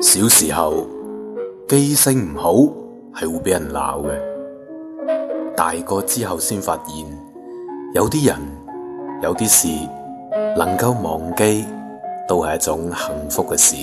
小時候記性唔好係會畀人鬧嘅，大個之後先發現，有啲人，有啲事，能夠忘記都係一種幸福嘅事。